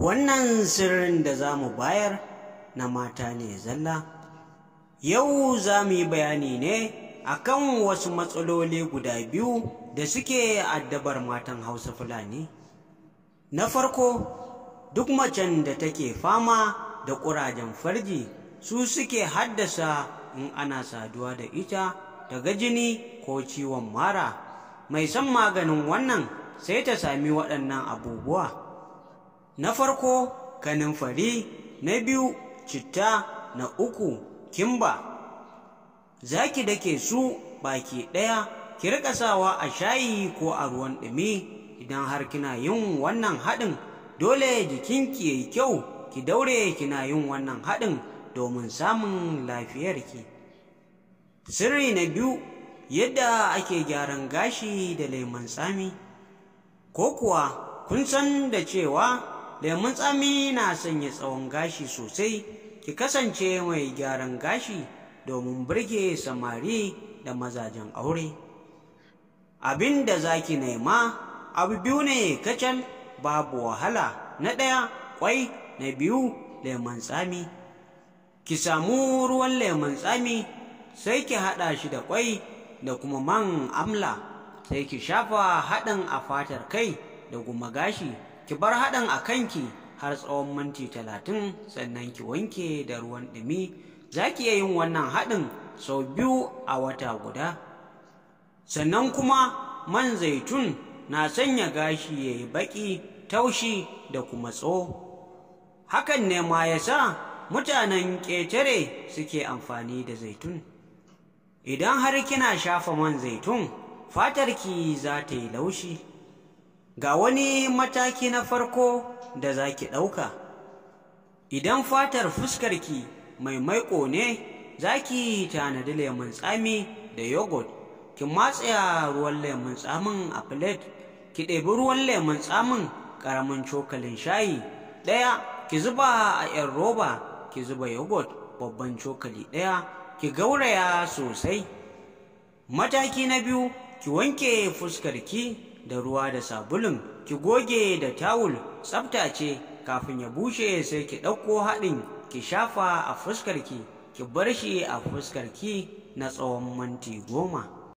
wannan sirrin da za mu bayar na mata ne zalla yau za mu yi bayani ne akan wasu matsaloli guda biyu da suke addabar matan hausa fulani na farko duk macen da take fama da ƙurajen farji su suke haddasa in ana saduwa da ita daga jini ko ciwon mara mai san maganin wannan sai ta sami waɗannan abubuwa na farko kaninfari na biyu citta na uku kimba za ki dake su baki ɗaya ki riƙa sawa a shayi ko a ruwan ɗumi idan har kina yin wannan haɗin dole jikinki yayi kyau ki daure kina yin wannan haɗin domin samun lafiyarki sirri na biyu yadda ake gyaran gashi da lemon tsami ko kuwa kun san da cewa lemun tsami na sanya tsawon gashi sosai ki kasance mai gyaran gashi domin burge samari da mazajen aure abin da za ki nema abu biyu ne kacal babu wahala na ɗaya kwai na biyu lemon tsami ki samu ruwan lemon tsami sai ki haɗa shi da kwai da kuma man amla sai ki shafa haɗin a fatar kai da kuma gashi ki bar haɗin a kanki har tsawon minti talatin sannan ki wanke da ruwan ɗumi za ki iya yin wannan haɗin sau biyu a wata guda sannan kuma man zaitun na sanya gashi ya yi baƙi taushi da kuma tso hakan ne ma ya sa mutanen ƙetare suke amfani da zaitun idan har kina shafa man zaitun fatarki za ta yi laushi ga wani mataki na farko da za ki ɗauka idan fatar fuskarki mai maiƙo ne za ki tanadi lemun tsami da yogurt ki matsa ruwan lemun tsamin a plate ki ɗebi ruwan lemun tsamin ƙaramin cokalin shayi ɗaya ki zuba a 'yan roba ki zuba yogurt babban cokali ɗaya ki gauraya sosai mataki na biyu ki wanke fuskarki da ruwa da sabulun ki goge da tawul tsafta ce kafin ya bushe sai ki ɗauko haɗin ki shafa a fuskarki ki bar shi a fuskarki na tsawon minti goma